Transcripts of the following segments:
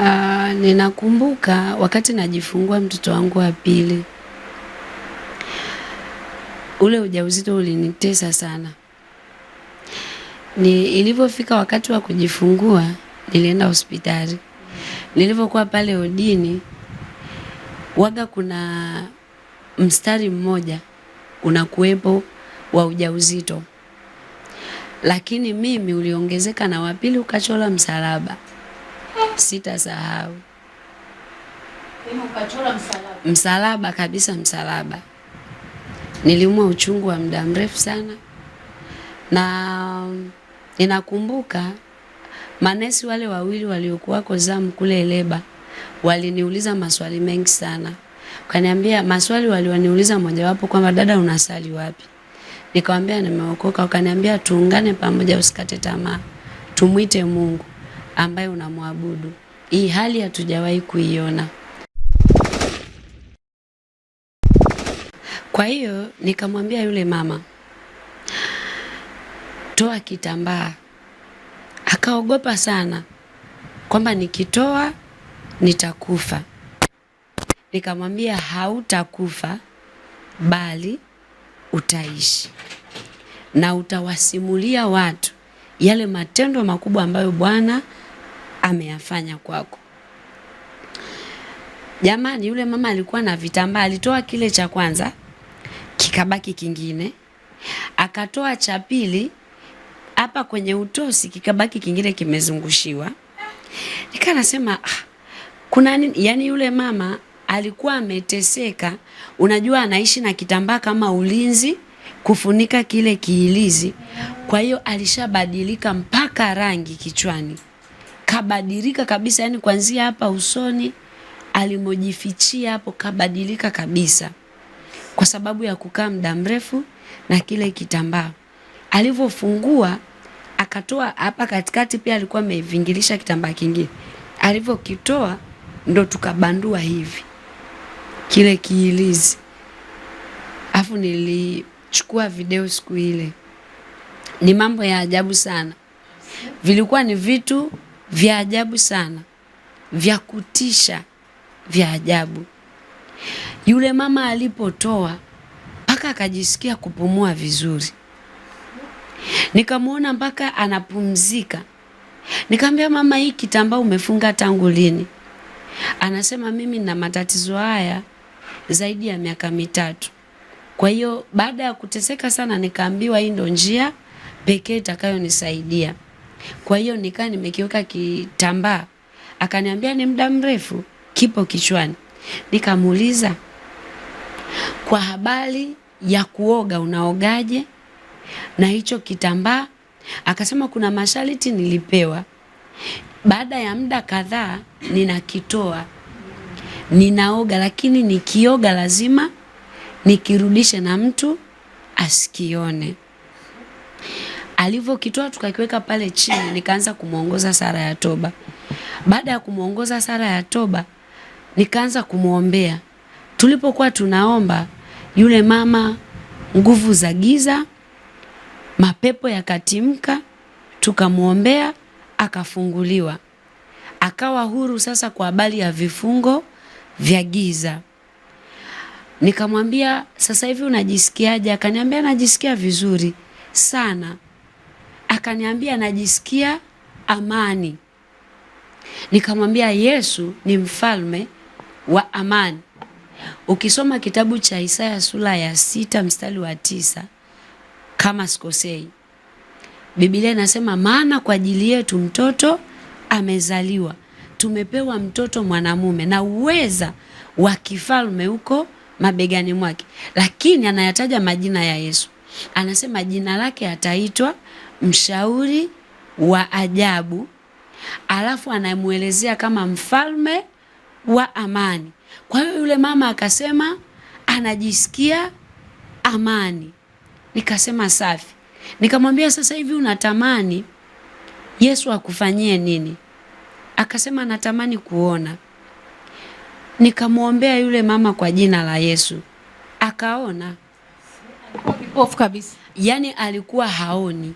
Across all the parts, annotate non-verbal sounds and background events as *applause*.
Uh, ninakumbuka wakati najifungua mtoto wangu wa pili, ule ujauzito ulinitesa sana. Ni ilivyofika wakati wa kujifungua, nilienda hospitali. Nilivyokuwa pale odini, waga kuna mstari mmoja unakuwepo wa ujauzito, lakini mimi uliongezeka na wapili ukachola msalaba sitasahau msalaba. Msalaba kabisa, msalaba. Niliumwa uchungu wa muda mrefu sana, na ninakumbuka manesi wale wawili waliokuwako zamu kule Eleba waliniuliza maswali mengi sana, kaniambia maswali walioniuliza mojawapo kwamba dada, unasali wapi? Nikamwambia nimeokoka. Wakaniambia tuungane pamoja, usikate tamaa, tumwite Mungu ambaye unamwabudu. Hii hali hatujawahi kuiona. Kwa hiyo nikamwambia yule mama, toa kitambaa. Akaogopa sana kwamba nikitoa nitakufa. Nikamwambia hautakufa, bali utaishi na utawasimulia watu yale matendo makubwa ambayo Bwana ameyafanya kwako. Jamani, yule mama alikuwa na vitambaa, alitoa kile cha kwanza kikabaki kingine, akatoa cha pili hapa kwenye utosi kikabaki kingine kimezungushiwa. Nikaa nasema ah, kuna nini? Yani yule mama alikuwa ameteseka. Unajua, anaishi na kitambaa kama ulinzi kufunika kile kiilizi, kwa hiyo alishabadilika mpaka rangi kichwani kabadilika kabisa, yani kuanzia hapa usoni alimojifichia hapo kabadilika kabisa, kwa sababu ya kukaa muda mrefu na kile kitambaa. Alivyofungua akatoa hapa katikati, pia alikuwa amevingilisha kitambaa kingine. Alivyokitoa ndo tukabandua hivi kile kiilizi, afu nilichukua video siku ile. Ni mambo ya ajabu sana, vilikuwa ni vitu vya ajabu sana, vya kutisha, vya ajabu. Yule mama alipotoa mpaka akajisikia kupumua vizuri, nikamwona mpaka anapumzika. Nikamwambia, mama, hii kitambaa umefunga tangu lini? Anasema, mimi na matatizo haya zaidi ya miaka mitatu. Kwa hiyo baada ya kuteseka sana, nikaambiwa hii ndo njia pekee itakayonisaidia. Kwa hiyo nikaa nimekiweka kitambaa, akaniambia ni muda mrefu kipo kichwani. Nikamuuliza, kwa habari ya kuoga unaogaje na hicho kitambaa? Akasema kuna masharti nilipewa, baada ya muda kadhaa ninakitoa ninaoga, lakini nikioga lazima nikirudishe na mtu asikione alivyokitoa tukakiweka pale chini, nikaanza kumwongoza sala ya toba. Baada ya kumwongoza sala ya toba, nikaanza kumwombea. Tulipokuwa tunaomba, yule mama, nguvu za giza, mapepo yakatimka, tukamwombea akafunguliwa, akawa huru sasa kwa habari ya vifungo vya giza. Nikamwambia, sasa hivi unajisikiaje? Akaniambia, najisikia vizuri sana akaniambia najisikia amani. Nikamwambia Yesu ni mfalme wa amani. Ukisoma kitabu cha Isaya sura ya sita mstari wa tisa kama sikosei, Biblia inasema maana kwa ajili yetu mtoto amezaliwa, tumepewa mtoto mwanamume, na uweza wa kifalme uko mabegani mwake. Lakini anayataja majina ya Yesu, anasema jina lake ataitwa mshauri wa ajabu, alafu anamwelezea kama mfalme wa amani. Kwa hiyo yule mama akasema anajisikia amani. Nikasema safi. Nikamwambia sasa hivi unatamani Yesu akufanyie nini? Akasema natamani kuona. Nikamwombea yule mama kwa jina la Yesu, akaona. Alikuwa kipofu kabisa, yaani alikuwa haoni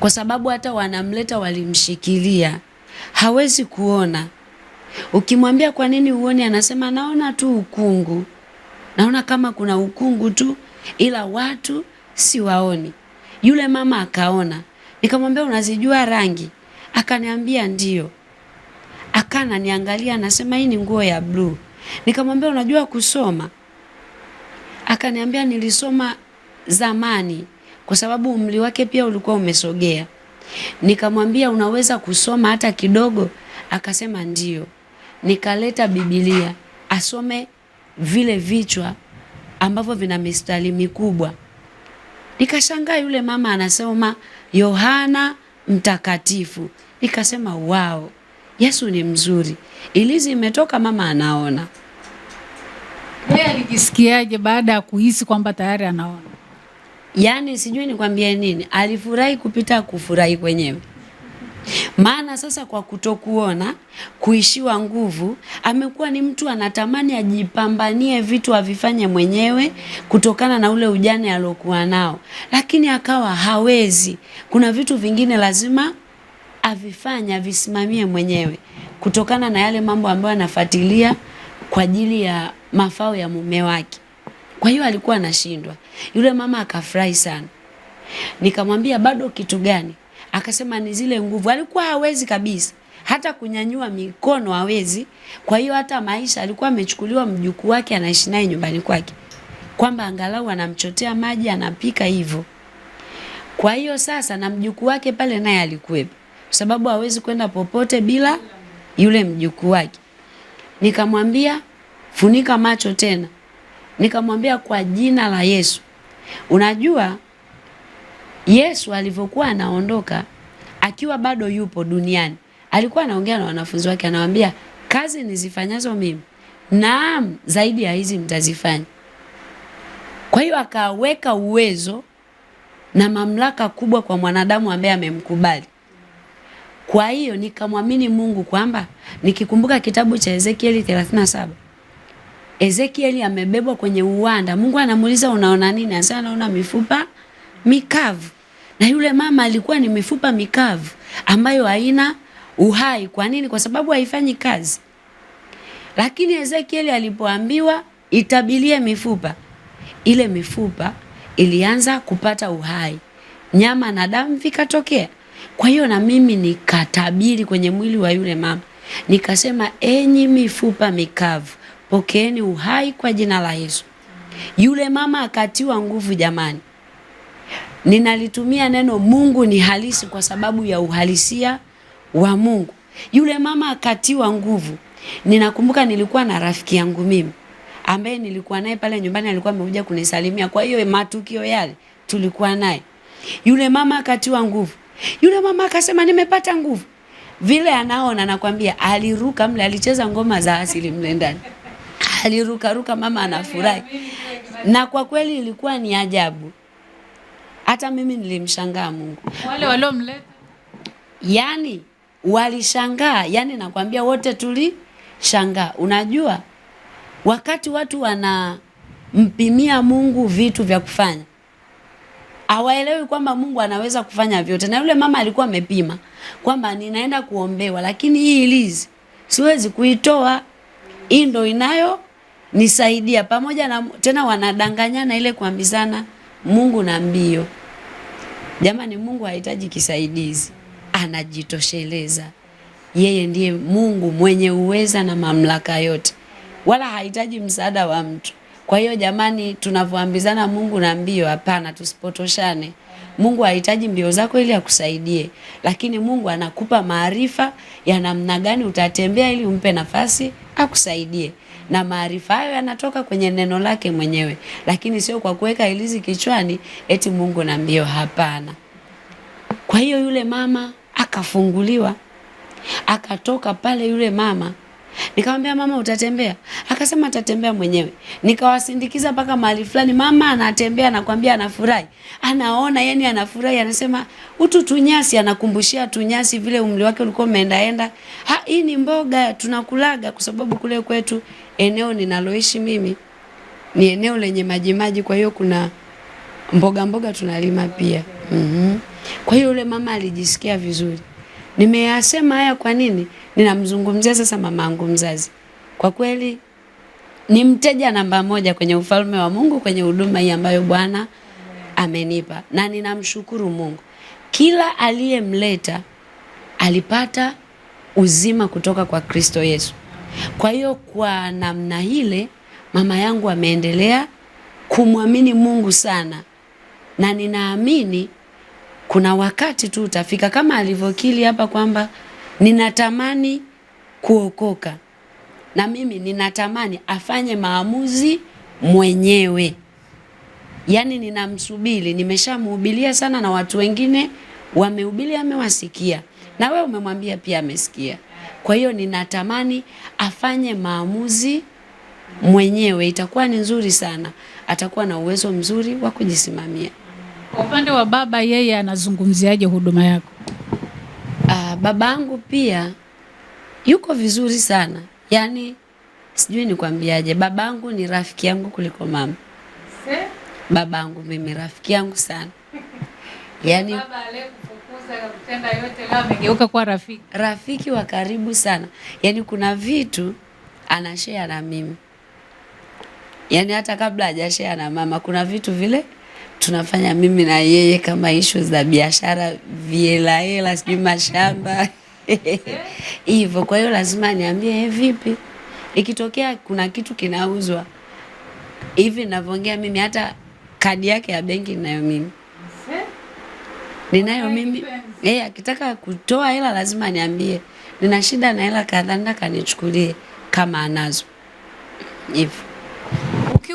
kwa sababu hata wanamleta walimshikilia, hawezi kuona. Ukimwambia kwa nini huoni anasema naona tu ukungu, naona kama kuna ukungu tu, ila watu siwaoni. Yule mama akaona, nikamwambia unazijua rangi? Akaniambia ndio. Akana niangalia, anasema hii ni nguo ya bluu. Nikamwambia unajua kusoma? Akaniambia nilisoma zamani kwa sababu umri wake pia ulikuwa umesogea. Nikamwambia unaweza kusoma hata kidogo? Akasema ndio. Nikaleta Biblia asome vile vichwa ambavyo vina mistari mikubwa. Nikashangaa yule mama anasoma Yohana Mtakatifu, nikasema wao, Yesu ni mzuri. Ilizi imetoka mama anaona. Yeye alijisikiaje baada ya kuhisi kwamba tayari anaona? yaani sijui nikwambie nini, alifurahi kupita kufurahi kwenyewe. Maana sasa kwa kutokuona, kuishiwa nguvu, amekuwa ni mtu anatamani ajipambanie vitu avifanye mwenyewe kutokana na ule ujane aliokuwa nao, lakini akawa hawezi. Kuna vitu vingine lazima avifanye, avisimamie mwenyewe kutokana na yale mambo ambayo anafuatilia kwa ajili ya mafao ya mume wake. Kwa hiyo alikuwa anashindwa. Yule mama akafurahi sana. Nikamwambia bado kitu gani? Akasema ni zile nguvu. Alikuwa hawezi kabisa hata kunyanyua mikono hawezi. Kwa hiyo hata Maisha alikuwa amechukuliwa mjukuu wake, anaishi naye nyumbani kwake, kwamba angalau anamchotea maji, anapika hivyo. Kwa hiyo sasa na mjukuu wake pale naye alikuwepo, kwa sababu hawezi kwenda popote bila yule mjukuu wake. Nikamwambia funika macho tena. Nikamwambia kwa jina la Yesu. Unajua Yesu alivyokuwa anaondoka akiwa bado yupo duniani, alikuwa anaongea na wanafunzi wake, anawaambia kazi nizifanyazo mimi, naam, zaidi ya hizi mtazifanya. Kwa hiyo akaweka uwezo na mamlaka kubwa kwa mwanadamu ambaye amemkubali. Kwa hiyo nikamwamini Mungu kwamba nikikumbuka kitabu cha Ezekieli 37 Ezekieli amebebwa kwenye uwanda, Mungu anamuuliza unaona nini? Anasema naona mifupa mikavu, na yule mama alikuwa ni mifupa mikavu ambayo haina uhai. Kwa nini? Kwa sababu haifanyi kazi. Lakini Ezekieli alipoambiwa itabilie mifupa, ile mifupa ilianza kupata uhai, nyama na damu vikatokea. Kwa hiyo na mimi nikatabiri kwenye mwili wa yule mama nikasema, enyi mifupa mikavu Pokeeni uhai kwa jina la Yesu. Yule mama akatiwa nguvu jamani. Ninalitumia neno Mungu ni halisi kwa sababu ya uhalisia wa Mungu. Yule mama akatiwa nguvu. Ninakumbuka nilikuwa na rafiki yangu mimi ambaye nilikuwa naye pale nyumbani, alikuwa amekuja kunisalimia. Kwa hiyo matukio yale tulikuwa naye. Yule mama akatiwa nguvu. Yule mama akasema nimepata nguvu. Vile anaona nakwambia, aliruka mle, alicheza ngoma za asili mle ndani alirukaruka, mama anafurahi, na kwa kweli ilikuwa ni ajabu. Hata mimi nilimshangaa Mungu. Wale waliomleta yani walishangaa, yani nakwambia, wote tulishangaa. Unajua, wakati watu wanampimia Mungu vitu vya kufanya hawaelewi kwamba Mungu anaweza kufanya vyote, na yule mama alikuwa amepima kwamba ninaenda kuombewa, lakini hii ilizi siwezi kuitoa, hii ndo inayo nisaidia pamoja na tena, wanadanganyana ile kuambizana Mungu na mbio. Jamani, Mungu hahitaji kisaidizi, anajitosheleza yeye. Ndiye Mungu mwenye uweza na mamlaka yote, wala hahitaji msaada wa mtu. Kwa hiyo jamani, tunavyoambizana Mungu na mbio, hapana, tusipotoshane. Mungu hahitaji mbio zako ili akusaidie, lakini Mungu anakupa maarifa ya namna gani utatembea ili umpe nafasi akusaidie na maarifa hayo yanatoka kwenye neno lake mwenyewe, lakini sio kwa kuweka ilizi kichwani eti Mungu na mbio. Hapana. Kwa hiyo yule mama akafunguliwa, akatoka pale yule mama Nikamwambia mama, utatembea? Akasema atatembea mwenyewe. Nikawasindikiza mpaka mahali fulani, mama anatembea, anakwambia anafurahi, anaona yani anafurahi, anasema utu tunyasi, anakumbushia tunyasi vile umri wake ulikuwa umeendaenda. Ha, hii ni mboga tunakulaga, kwa sababu kule kwetu eneo ninaloishi mimi ni eneo lenye majimaji, kwa hiyo kuna mboga mboga tunalima pia. mm -hmm. Kwa hiyo yule mama alijisikia vizuri. Nimeyasema haya kwa nini? Ninamzungumzia sasa mamangu mzazi. Kwa kweli ni mteja namba moja kwenye ufalme wa Mungu, kwenye huduma hii ambayo Bwana amenipa, na ninamshukuru Mungu. Kila aliyemleta alipata uzima kutoka kwa Kristo Yesu. Kwa hiyo kwa namna ile mama yangu ameendelea kumwamini Mungu sana, na ninaamini kuna wakati tu utafika kama alivyokili hapa kwamba ninatamani kuokoka, na mimi ninatamani afanye maamuzi mwenyewe. Yaani ninamsubiri, nimeshamhubilia sana na watu wengine wamehubilia, amewasikia na wewe umemwambia pia amesikia. Kwa hiyo ninatamani afanye maamuzi mwenyewe, itakuwa ni nzuri sana, atakuwa na uwezo mzuri wa kujisimamia. Kwa upande wa baba, yeye anazungumziaje huduma yako? Uh, babangu pia yuko vizuri sana, yaani sijui nikwambiaje. Babangu ni rafiki yangu kuliko mama. Babangu mimi rafiki yangu sana *laughs* yaani, yaani- yote rafiki, rafiki wa karibu sana. Yaani kuna vitu anashare na mimi, yaani hata kabla hajashare na mama kuna vitu vile tunafanya mimi na yeye kama ishu za biashara, vielahela hela, sijui mashamba *laughs* hivyo. Kwa hiyo lazima niambie, hey, eh, vipi ikitokea kuna kitu kinauzwa hivi ninavyoongea mimi, hata kadi yake ya benki ninayo mimi ninayo mimi eh, akitaka kutoa hela lazima niambie, nina shida na hela kadhaa, nataka nichukulie kama anazo hivyo.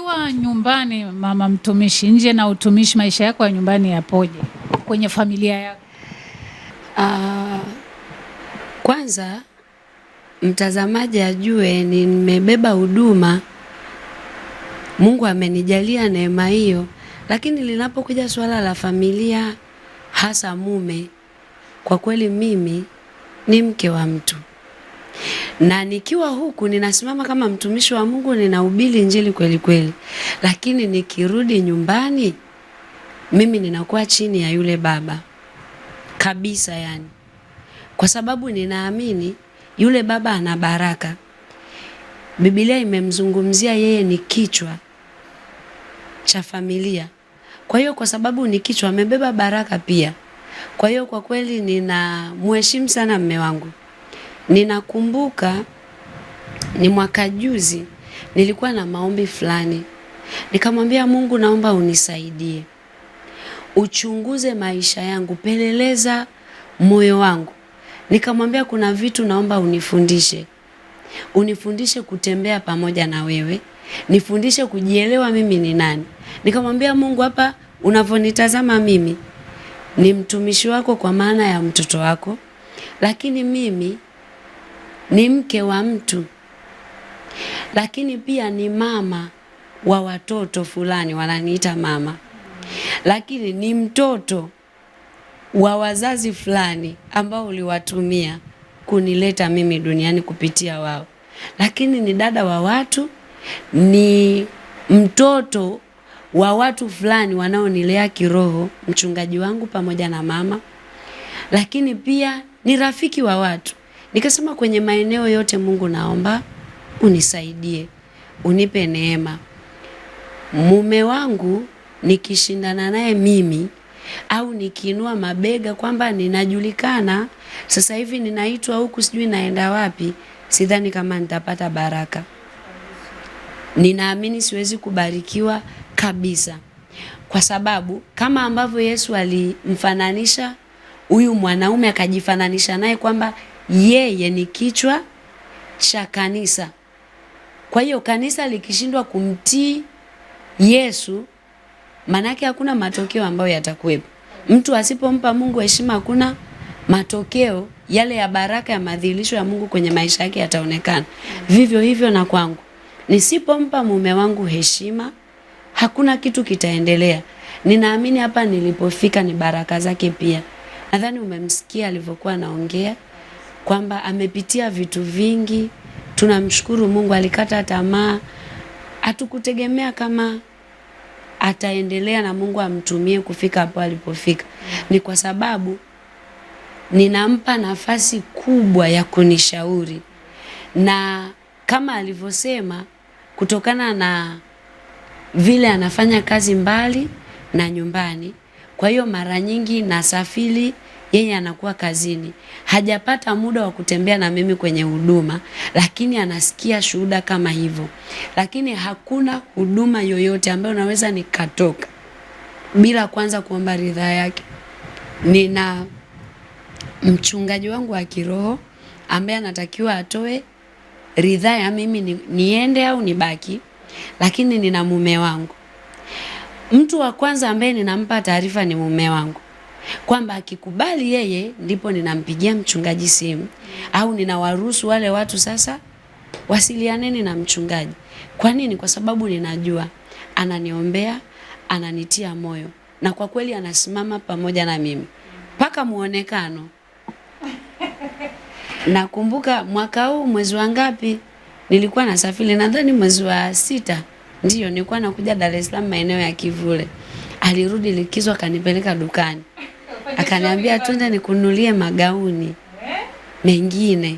Ukiwa nyumbani, mama mtumishi, nje na utumishi, maisha yako ya nyumbani yapoje kwenye familia yako? Uh, kwanza mtazamaji ajue nimebeba huduma. Mungu amenijalia neema hiyo, lakini linapokuja suala la familia, hasa mume, kwa kweli mimi ni mke wa mtu na nikiwa huku ninasimama kama mtumishi wa Mungu, ninahubiri injili kweli kweli, lakini nikirudi nyumbani mimi ninakuwa chini ya yule baba kabisa, yani kwa sababu ninaamini yule baba ana baraka. Biblia imemzungumzia yeye ni kichwa cha familia, kwa hiyo kwa sababu ni kichwa amebeba baraka pia. Kwa hiyo kwa kweli ninamheshimu sana mme wangu. Ninakumbuka ni mwaka juzi nilikuwa na maombi fulani, nikamwambia Mungu, naomba unisaidie, uchunguze maisha yangu, peleleza moyo wangu. Nikamwambia kuna vitu naomba unifundishe, unifundishe kutembea pamoja na wewe, nifundishe kujielewa mimi ni nani. Nikamwambia Mungu, hapa unavyonitazama mimi ni mtumishi wako, kwa maana ya mtoto wako, lakini mimi ni mke wa mtu, lakini pia ni mama wa watoto fulani, wananiita mama, lakini ni mtoto wa wazazi fulani ambao uliwatumia kunileta mimi duniani kupitia wao, lakini ni dada wa watu, ni mtoto wa watu fulani wanaonilea kiroho, mchungaji wangu pamoja na mama, lakini pia ni rafiki wa watu Nikasema kwenye maeneo yote, Mungu naomba unisaidie, unipe neema. Mume wangu nikishindana naye mimi au nikiinua mabega kwamba ninajulikana sasa hivi, ninaitwa huku, sijui naenda wapi, sidhani kama nitapata baraka. Ninaamini siwezi kubarikiwa kabisa, kwa sababu kama ambavyo Yesu alimfananisha huyu mwanaume akajifananisha naye kwamba yeye ni kichwa cha kanisa. Kwa hiyo kanisa likishindwa kumtii Yesu, maanake hakuna matokeo ambayo yatakuwepo. Mtu asipompa Mungu heshima, hakuna matokeo yale ya baraka ya madhihirisho ya Mungu kwenye maisha yake yataonekana. Vivyo hivyo na kwangu, nisipompa mume wangu heshima, hakuna kitu kitaendelea. Ninaamini hapa nilipofika ni baraka zake pia. Nadhani umemsikia alivyokuwa anaongea kwamba amepitia vitu vingi. Tunamshukuru Mungu, alikata tamaa, hatukutegemea kama ataendelea na Mungu amtumie kufika hapo alipofika. Ni kwa sababu ninampa nafasi kubwa ya kunishauri, na kama alivyosema, kutokana na vile anafanya kazi mbali na nyumbani, kwa hiyo mara nyingi nasafiri yeye anakuwa kazini, hajapata muda wa kutembea na mimi kwenye huduma, lakini anasikia shuhuda kama hivyo. Lakini hakuna huduma yoyote ambayo naweza nikatoka bila kwanza kuomba ridhaa yake. Nina mchungaji wangu wa kiroho ambaye anatakiwa atoe ridhaa ya mimi ni, niende au nibaki, lakini nina mume wangu. Mtu wa kwanza ambaye ninampa taarifa ni mume wangu kwamba akikubali yeye ndipo ninampigia mchungaji simu au ninawaruhusu wale watu sasa wasilianeni na mchungaji. Kwa nini? Kwa sababu ninajua ananiombea, ananitia moyo na kwa kweli anasimama pamoja na mimi mpaka muonekano. *laughs* Nakumbuka mwaka huu mwezi wa ngapi nilikuwa nasafiri, nadhani mwezi wa sita, ndiyo nilikuwa nakuja Dar es Salaam maeneo ya Kivule. Alirudi likizo akanipeleka dukani, akaniambia twende nikununulie magauni mengine.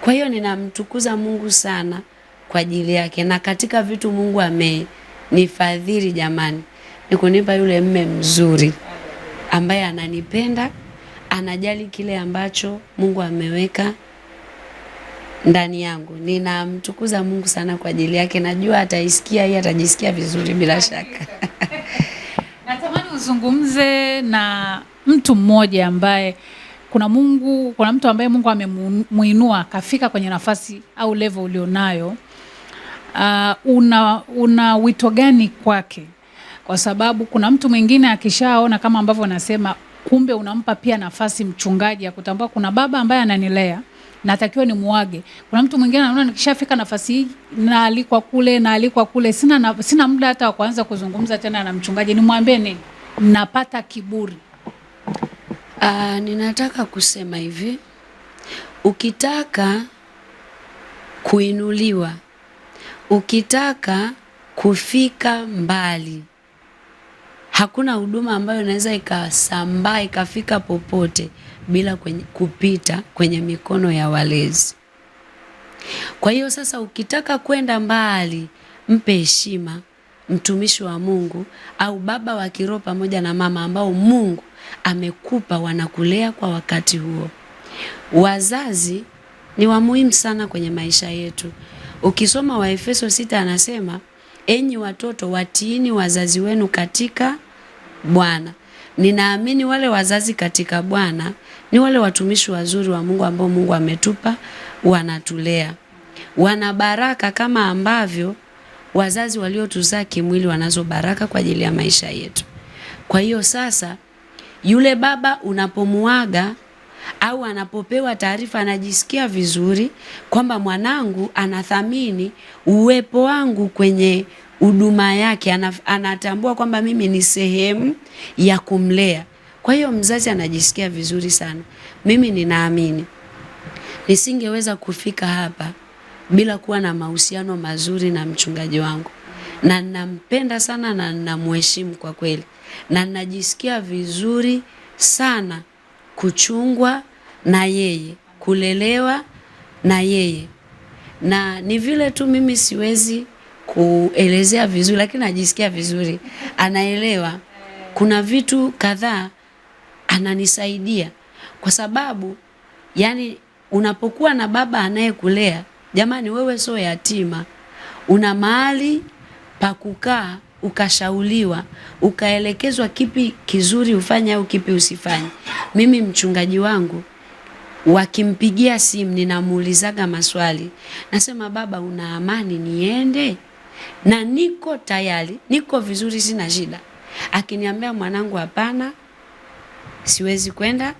Kwa hiyo ninamtukuza Mungu sana kwa ajili yake, na katika vitu Mungu amenifadhili jamani, ni kunipa yule mme mzuri ambaye ananipenda, anajali kile ambacho Mungu ameweka ndani yangu. Ninamtukuza Mungu sana kwa ajili yake, najua ataisikia, yeye atajisikia vizuri bila shaka. *laughs* Natamani uzungumze na mtu mmoja ambaye kuna Mungu, kuna mtu ambaye Mungu amemuinua akafika kwenye nafasi au level ulionayo. Uh, una, una wito gani kwake? Kwa sababu kuna mtu mwingine akishaona kama ambavyo anasema, kumbe unampa pia nafasi mchungaji ya kutambua kuna baba ambaye ananilea natakiwa ni muage. Kuna mtu mwingine anaona nikishafika nafasi hii naalikwa kule, naalikwa kule, sina na, sina muda hata wa kuanza kuzungumza tena na mchungaji, nimwambie nini? Napata kiburi. Aa, ah, ninataka kusema hivi, ukitaka kuinuliwa, ukitaka kufika mbali hakuna huduma ambayo inaweza ikasambaa ikafika popote bila kwenye, kupita kwenye mikono ya walezi. Kwa hiyo sasa, ukitaka kwenda mbali, mpe heshima mtumishi wa Mungu au baba wa kiroho pamoja na mama ambao Mungu amekupa wanakulea kwa wakati huo. Wazazi ni wa muhimu sana kwenye maisha yetu. Ukisoma Waefeso sita anasema, enyi watoto watiini wazazi wenu katika Bwana. Ninaamini wale wazazi katika Bwana ni wale watumishi wazuri wa Mungu ambao Mungu ametupa, wanatulea, wana baraka kama ambavyo wazazi waliotuzaa kimwili wanazo baraka kwa ajili ya maisha yetu. Kwa hiyo sasa, yule baba unapomuaga au anapopewa taarifa, anajisikia vizuri kwamba mwanangu anathamini uwepo wangu kwenye huduma yake, anatambua kwamba mimi ni sehemu ya kumlea. Kwa hiyo mzazi anajisikia vizuri sana. Mimi ninaamini nisingeweza kufika hapa bila kuwa na mahusiano mazuri na mchungaji wangu, na nampenda sana na namheshimu kwa kweli, na najisikia vizuri sana kuchungwa na yeye, kulelewa na yeye, na ni vile tu mimi siwezi kuelezea vizuri, lakini najisikia vizuri, anaelewa. Kuna vitu kadhaa ananisaidia kwa sababu yani, unapokuwa na baba anayekulea jamani, wewe sio yatima, una mahali pa kukaa ukashauliwa ukaelekezwa kipi kizuri ufanye au kipi usifanye. Mimi mchungaji wangu wakimpigia simu ninamuulizaga maswali, nasema baba, una amani niende? na niko tayari, niko vizuri, sina shida. Akiniambia mwanangu, hapana, siwezi kwenda,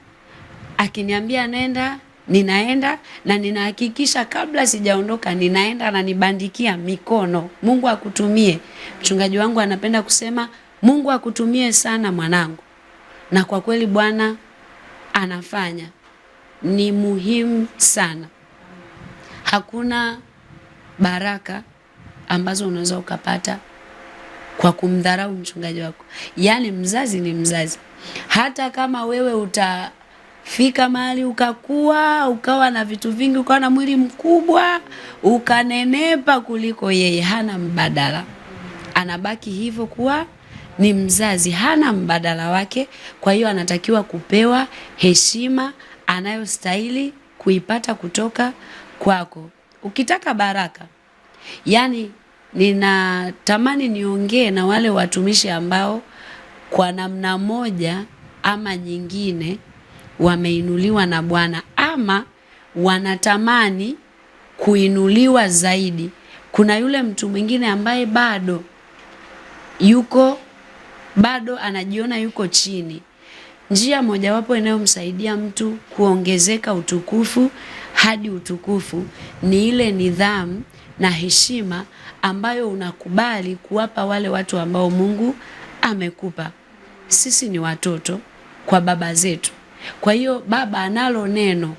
akiniambia nenda, ninaenda na ninahakikisha kabla sijaondoka ninaenda na nibandikia mikono. Mungu akutumie. Mchungaji wangu anapenda kusema Mungu akutumie sana mwanangu, na kwa kweli Bwana anafanya. Ni muhimu sana. Hakuna baraka ambazo unaweza ukapata kwa kumdharau mchungaji wako. Yaani mzazi ni mzazi, hata kama wewe utafika mahali ukakua ukawa na vitu vingi ukawa na mwili mkubwa ukanenepa kuliko yeye, hana mbadala, anabaki hivyo kuwa ni mzazi, hana mbadala wake. Kwa hiyo anatakiwa kupewa heshima anayostahili kuipata kutoka kwako ukitaka baraka Yaani ninatamani niongee na wale watumishi ambao kwa namna moja ama nyingine wameinuliwa na Bwana ama wanatamani kuinuliwa zaidi. Kuna yule mtu mwingine ambaye bado yuko bado anajiona yuko chini. Njia mojawapo inayomsaidia mtu kuongezeka utukufu hadi utukufu ni ile nidhamu na heshima ambayo unakubali kuwapa wale watu ambao Mungu amekupa. Sisi ni watoto kwa baba zetu, kwa hiyo baba analo neno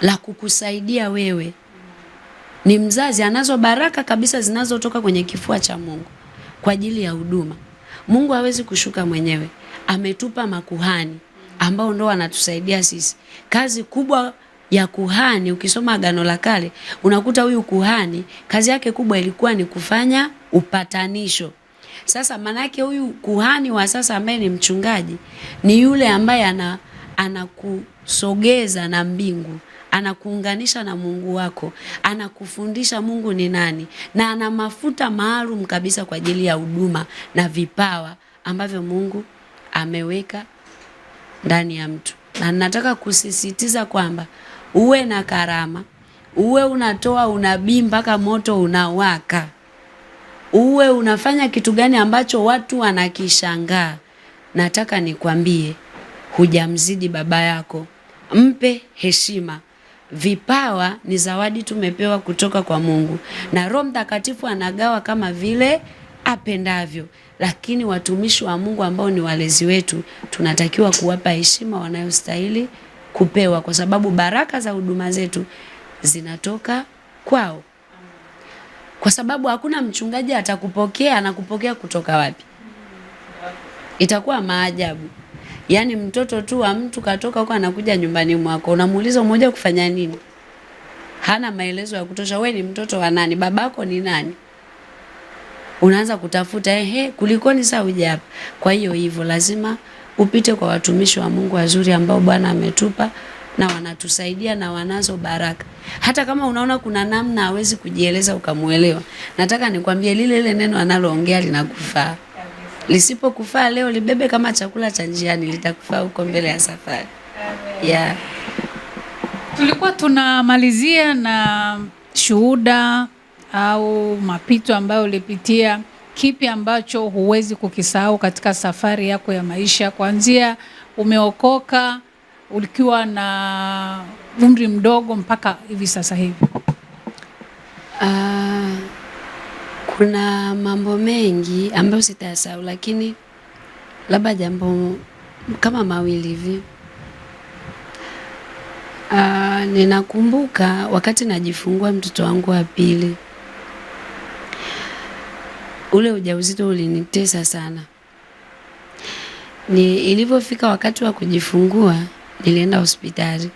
la kukusaidia wewe. Ni mzazi, anazo baraka kabisa zinazotoka kwenye kifua cha Mungu kwa ajili ya huduma. Mungu hawezi kushuka mwenyewe, ametupa makuhani ambao ndo wanatusaidia sisi kazi kubwa ya kuhani, ukisoma Agano la Kale unakuta huyu kuhani kazi yake kubwa ilikuwa ni kufanya upatanisho. Sasa manake huyu kuhani wa sasa ambaye ni mchungaji ni yule ambaye ana anakusogeza na mbingu, anakuunganisha na Mungu wako, anakufundisha Mungu ni nani, na ana mafuta maalum kabisa kwa ajili ya huduma na vipawa ambavyo Mungu ameweka ndani ya mtu, na nataka kusisitiza kwamba uwe na karama, uwe unatoa unabii mpaka moto unawaka, uwe unafanya kitu gani ambacho watu wanakishangaa. Nataka nikwambie, hujamzidi baba yako, mpe heshima. Vipawa ni zawadi tumepewa kutoka kwa Mungu, na Roho Mtakatifu anagawa kama vile apendavyo, lakini watumishi wa Mungu ambao ni walezi wetu tunatakiwa kuwapa heshima wanayostahili kupewa, kwa sababu baraka za huduma zetu zinatoka kwao, kwa sababu hakuna mchungaji atakupokea. Anakupokea kutoka wapi? Itakuwa maajabu. Yaani mtoto tu wa mtu katoka huko anakuja nyumbani mwako, unamuuliza umoja kufanya nini? Hana maelezo ya kutosha. We ni mtoto wa nani? Babako ni nani? Unaanza kutafuta ehe, kulikoni saa uja hapa? Kwa hiyo hivyo lazima upite kwa watumishi wa Mungu wazuri ambao Bwana ametupa na wanatusaidia na wanazo baraka. Hata kama unaona kuna namna hawezi kujieleza ukamuelewa, nataka nikwambie lile lile neno analoongea linakufaa. Lisipokufaa leo, libebe kama chakula cha njiani, litakufaa huko mbele ya safari. Yeah. Tulikuwa tunamalizia na shuhuda au mapito ambayo ulipitia kipi ambacho huwezi kukisahau katika safari yako ya maisha, kuanzia umeokoka ukiwa na umri mdogo mpaka hivi sasa hivi? Uh, kuna mambo mengi ambayo sitayasahau, lakini labda jambo kama mawili hivi. Uh, ninakumbuka wakati najifungua mtoto wangu wa pili ule ujauzito ulinitesa sana. Ni ilivyofika wakati wa kujifungua nilienda hospitali.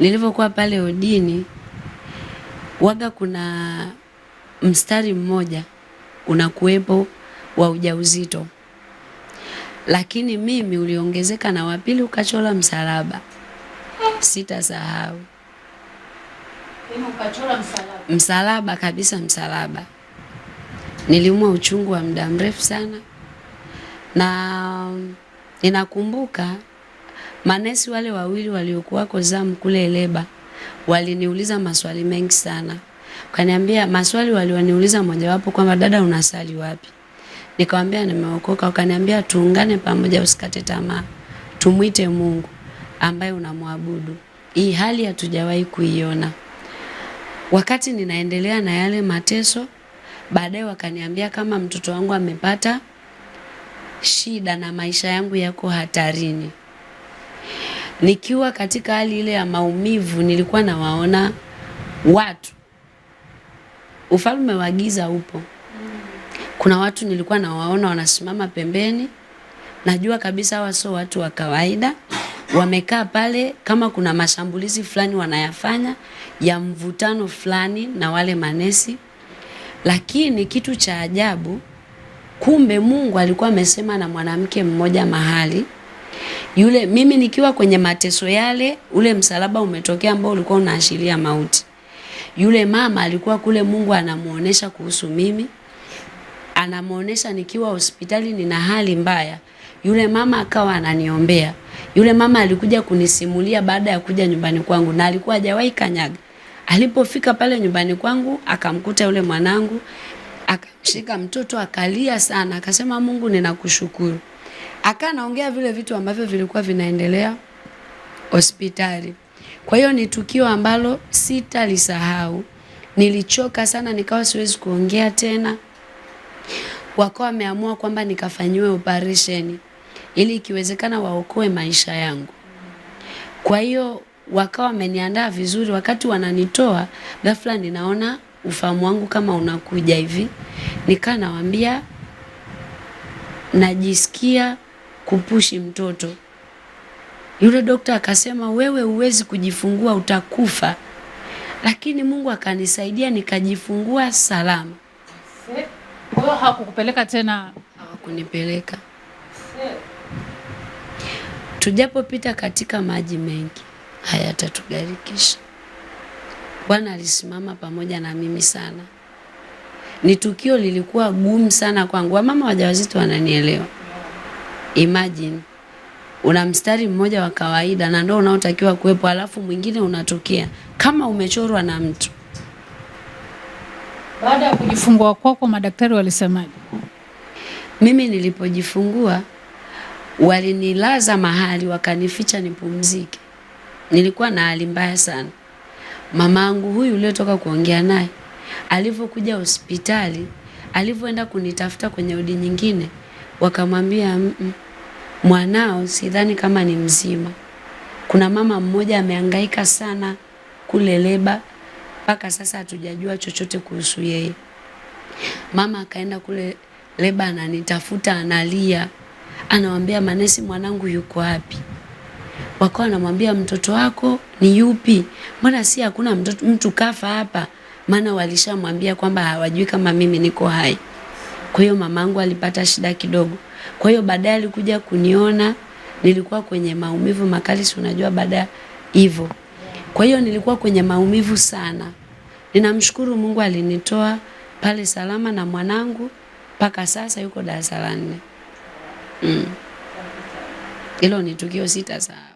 Nilivyokuwa pale odini, waga kuna mstari mmoja unakuwepo wa ujauzito, lakini mimi uliongezeka na wapili ukachola msalaba. Sitasahau msalaba kabisa, msalaba Niliumwa uchungu wa muda mrefu sana, na ninakumbuka manesi wale wawili waliokuwako zamu kule Eleba waliniuliza maswali mengi sana, wakaniambia maswali walioniuliza mojawapo kwamba dada, unasali wapi? Nikamwambia nimeokoka. Wakaniambia tuungane pamoja, usikate tamaa, tumwite Mungu ambaye unamwabudu. Hii hali hatujawahi kuiona. Wakati ninaendelea na yale mateso Baadaye wakaniambia kama mtoto wangu amepata shida na maisha yangu yako hatarini. Nikiwa katika hali ile ya maumivu, nilikuwa nawaona watu, ufalme wa giza upo. Kuna watu nilikuwa nawaona wanasimama pembeni, najua kabisa hawa sio watu wa kawaida, wamekaa pale kama kuna mashambulizi fulani wanayafanya ya mvutano fulani na wale manesi lakini kitu cha ajabu, kumbe Mungu alikuwa amesema na mwanamke mmoja mahali yule, mimi nikiwa kwenye mateso yale, ule msalaba umetokea ambao ulikuwa unaashiria mauti. Yule mama alikuwa kule, Mungu anamuonesha kuhusu mimi, anamuonesha nikiwa hospitali nina hali mbaya. Yule mama akawa ananiombea. Yule mama alikuja kunisimulia baada ya kuja nyumbani kwangu, na alikuwa hajawahi kanyaga Alipofika pale nyumbani kwangu akamkuta yule mwanangu, akamshika mtoto akalia sana, akasema Mungu, ninakushukuru. Akaa naongea vile vitu ambavyo vilikuwa vinaendelea hospitali. Kwa hiyo ni tukio ambalo sitalisahau. Nilichoka sana, nikawa siwezi kuongea tena. Wakawa wameamua kwamba nikafanyiwe operesheni ili ikiwezekana waokoe maisha yangu. Kwa hiyo wakawa wameniandaa vizuri. Wakati wananitoa ghafla, ninaona ufahamu wangu kama unakuja hivi, nikaa nawaambia najisikia kupushi mtoto. Yule dokta akasema, wewe huwezi kujifungua, utakufa. Lakini Mungu akanisaidia nikajifungua salama. Wao hakukupeleka tena? Hawakunipeleka, tujapopita katika maji mengi hayatatugarikisha. Bwana alisimama pamoja na mimi sana. Ni tukio lilikuwa gumu sana kwangu. Wamama wajawazito wananielewa. Imagine una mstari mmoja wa kawaida na ndio unaotakiwa kuwepo, alafu mwingine unatokea kama umechorwa na mtu. Baada ya kujifungua kwako, madaktari walisemaje? Mimi nilipojifungua walinilaza mahali wakanificha nipumzike nilikuwa na hali mbaya sana. Mamangu huyu uliotoka kuongea naye alivyokuja hospitali, alivyoenda kunitafuta kwenye odi nyingine, wakamwambia mwanao, sidhani kama ni mzima. Kuna mama mmoja ameangaika sana kule leba, mpaka sasa hatujajua chochote kuhusu yeye. Mama akaenda kule leba, ananitafuta analia, anawambia manesi, mwanangu yuko wapi? wakawa wanamwambia mtoto wako ni yupi? Mbona si hakuna mtoto, mtu kafa hapa? Maana walishamwambia kwamba hawajui kama mimi niko hai. Kwa hiyo mamangu alipata shida kidogo. Kwa hiyo baadaye alikuja kuniona, nilikuwa kwenye maumivu makali, si unajua baada hivyo. Kwa hiyo nilikuwa kwenye maumivu sana. Ninamshukuru Mungu alinitoa pale salama na mwanangu mpaka sasa yuko darasa la nne. Mm. Hilo ni tukio sita sana.